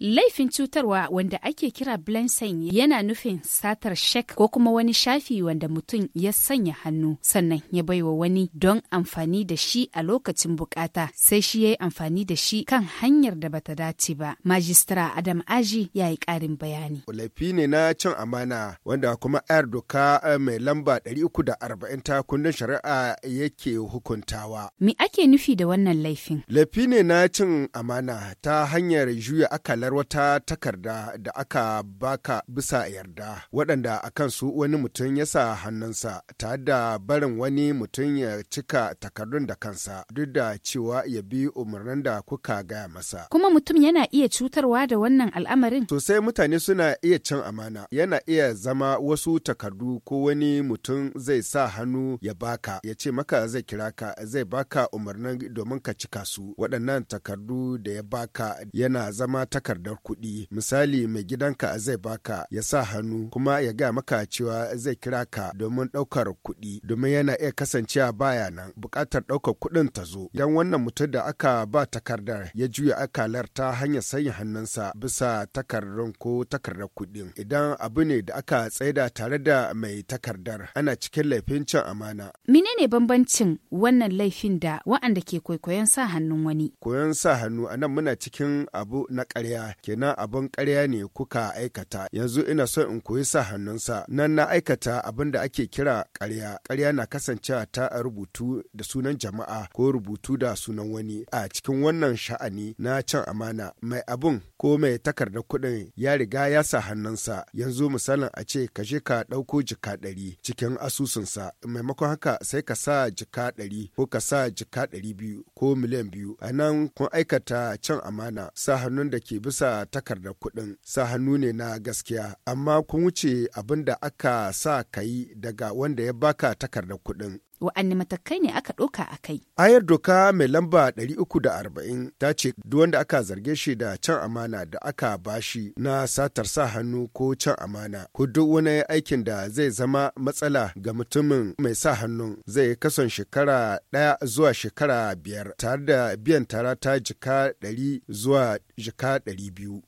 Laifin cutarwa wanda ake kira Blensen yana nufin satar shek ko kuma wani shafi wanda mutum ya sanya hannu sannan ya baiwa wani don amfani da shi a lokacin bukata sai shi ya yi amfani da shi kan hanyar da bata dace ba. Majistara Adam Aji ya yi karin bayani. Laifi ne na cin amana wanda kuma ayar doka eh, mai lamba 340 ta kundin shari'a yake hukuntawa. Me ake nufi da wannan laifin? Laifi ne na cin amana ta hanyar juya akala ma'anar wata takarda da aka baka bisa yarda waɗanda a kansu wani mutum ya sa hannunsa ta da barin wani mutum ya cika takardun da kansa duk da cewa ya bi umarnin da kuka gaya masa. Kuma mutum yana iya cutarwa da wannan al'amarin? Sosai mutane suna iya cin amana yana iya zama wasu takardu ko wani mutum zai sa hannu ya baka ya ce maka zai kira ka zai baka umarnin domin ka cika su waɗannan takardu da ya baka yana zama takardu takardar kuɗi misali mai gidanka zai baka ya sa hannu kuma ya gaya maka cewa zai kira ka domin ɗaukar kuɗi domin yana iya kasancewa baya nan buƙatar ɗaukar kuɗin ta zo idan wannan mutum da aka ba takardar ya juya akalar ta hanyar sanya hannunsa bisa takardun ko takardar kuɗin idan abu ne da aka tsaida tare da mai takardar ana cikin laifin cin amana. Menene bambancin wannan laifin da wa'anda ke kwaikwayon sa hannun wani? Koyon sa hannu a nan muna cikin abu na ƙarya kenan abin ƙarya ne kuka aikata yanzu ina so in koyi sa hannunsa nan na aikata abin da ake kira karya. karya na kasancewa ta rubutu da sunan jama'a ko rubutu da sunan wani a cikin wannan sha'ani na can amana mai abun ko mai takardar kuɗin ya riga ya sa hannunsa yanzu misalin a ce ka je ka ɗauko jika ɗari cikin asusunsa maimakon haka sai ka sa jika ɗari ko ka sa jika ɗari biyu ko miliyan biyu a nan kun aikata can amana sa hannun da ke bisa bisa takardar kuɗin sa hannu ne na gaskiya amma kun wuce abin da aka sa ka yi daga wanda ya baka takardar kuɗin wa'anne matakai ne aka ɗauka a kai. Ayar doka mai lamba 340 ta ce duk wanda aka zarge shi da can amana da aka bashi na satar sa hannu ko can amana ko duk wani aikin da zai zama matsala ga mutumin mai sa hannun zai kason shekara ɗaya zuwa shekara biyar tare da biyan tara ta jika 100 zuwa jika biyu.